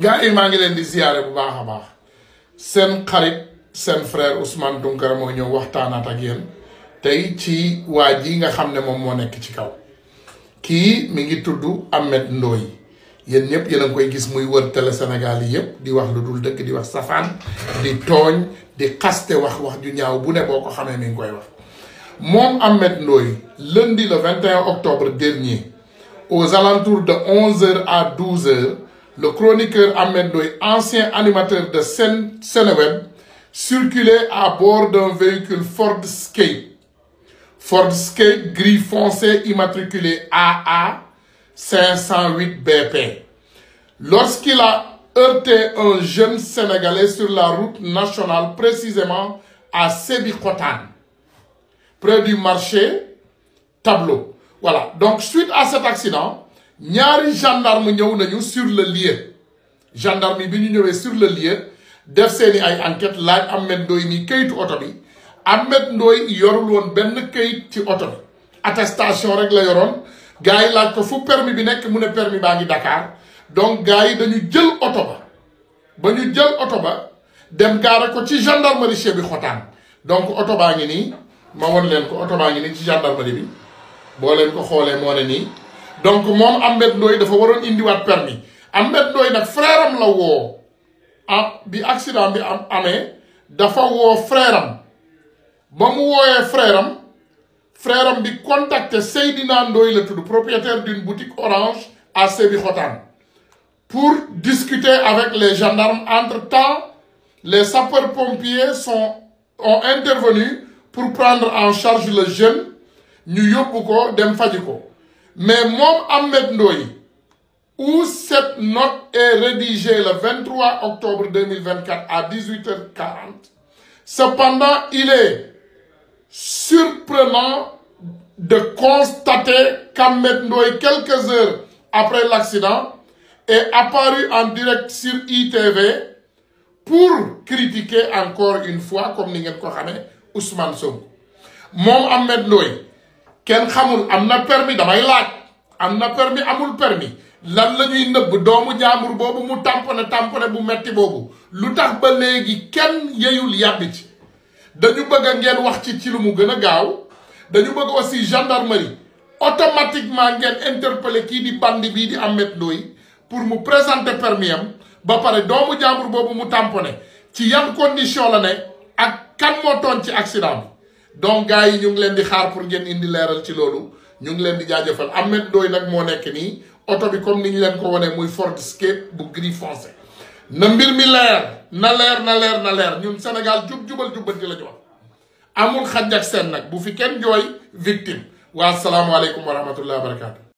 gaa yi maa ngi leen di ziyaare bu baax a baax seen xarit seen frère Ousmane Tounkara moo ñëw waxtaanaat ak yéen tey ci waa ji nga xam ne moom moo nekk ci kaw kii mi ngi tudd Ameth Ndoye yéen ñëpp yéen a ngi koy gis muy wër télé Sénégal yi yëpp di wax lu dul dëkk di wax safaan di tooñ di xaste wax wax ju ñaaw bu ne boo ko xamee mi ngi koy wax moom Ameth Ndoye lundi le octobre dernier aux alentours de 11 à 12 le chroniqueur Ahmed Ndoye ancien animateur de Sen Seneweb circulait à bord d'un véhicule Ford Escape Ford Escape gris foncé immatriculé AA BP lorsqu'il a heurté un jeune Sénégalais sur la route nationale précisément à Sébikotane près du marché Tableau donc suite à cet accident ñaari gendarme ñëw nañu sur le lieu gendarme bi ñu ñëwee sur le lieu def seeni ay enquête laaj Ahmed Ndoye mi kayitu oto bi Ahmed Ndoye yorul woon benn kayit ci oto bi attestation rek la yoroon gars yi laaj ko fu permis bi nekk mu ne permis baa ngi dakaar donc gars yi dañu jël oto ba ba ñu jël oto ba dem gaare ko ci gendarmerie chef bi xotaan donc oto baa ngi nii ma won leen ko oto baa ngi nii ci gendarmerie bi boo leen ko xoolee moo ne nii donc moom Ahmed Ndoye dafa waroon indiwaat permis Ahmed Ndoye nag frère am la woo ah, bi accident bi am amee dafa woo frère am ba mu wooyee frère am frère am bi contacter Seydina Ndoye la tudd propriétaire d'une boutique orange à Sébikotane pour discuter avec les gendarmes entre-temps les sapeurs-pompiers son ont intervenu pour prendre en charge le jeune ñu yóbbu ko dem faji ko mais moom Ahmed Ndoye où cette note est rédigée le 23 octobre à 18h40 cependant il est surprenant de constater qu'Ahmed Ndoye quelques heures après l'accident est apparu en direct sur ITV pour critiquer encore une fois comme ni ngeen ko xamee Ousmane Sonko kenn xamul am na permis damay laaj am na permis amul permis lan la ñuy nëbb doomu jaambur boobu mu tamponné tamponné bu metti boobu lu tax ba léegi kenn yeyul yàbbi ci dañu bëgg ngeen wax ci ci lu mu gën a gaaw dañu bëgg aussi gendarmerie automatiquement ngeen interpellé kii di bandi bii di am Ameth dooy pour mu présenter permis am ba pare doomu jaambur boobu mu tamponné ci yan condition la ne ak kan moo toon ci accident bi donc gars yi ñu ngi leen di xaar pour ngeen indi leeral ci loolu ñu ngi leen di jaajafal am Ameth Ndoye nag moo nekk nii oto bi comme ni ñu leen ko wanee muy Ford Escape bu gris foncé na mbir mi leer na leer na leer na leer ñun Sénégal jub jubal jubbanti la ñu wax amul xàjj ak seen nag bu fi kenn jooy victime waa salaamualeykum wa rahmatullahi wa barakatu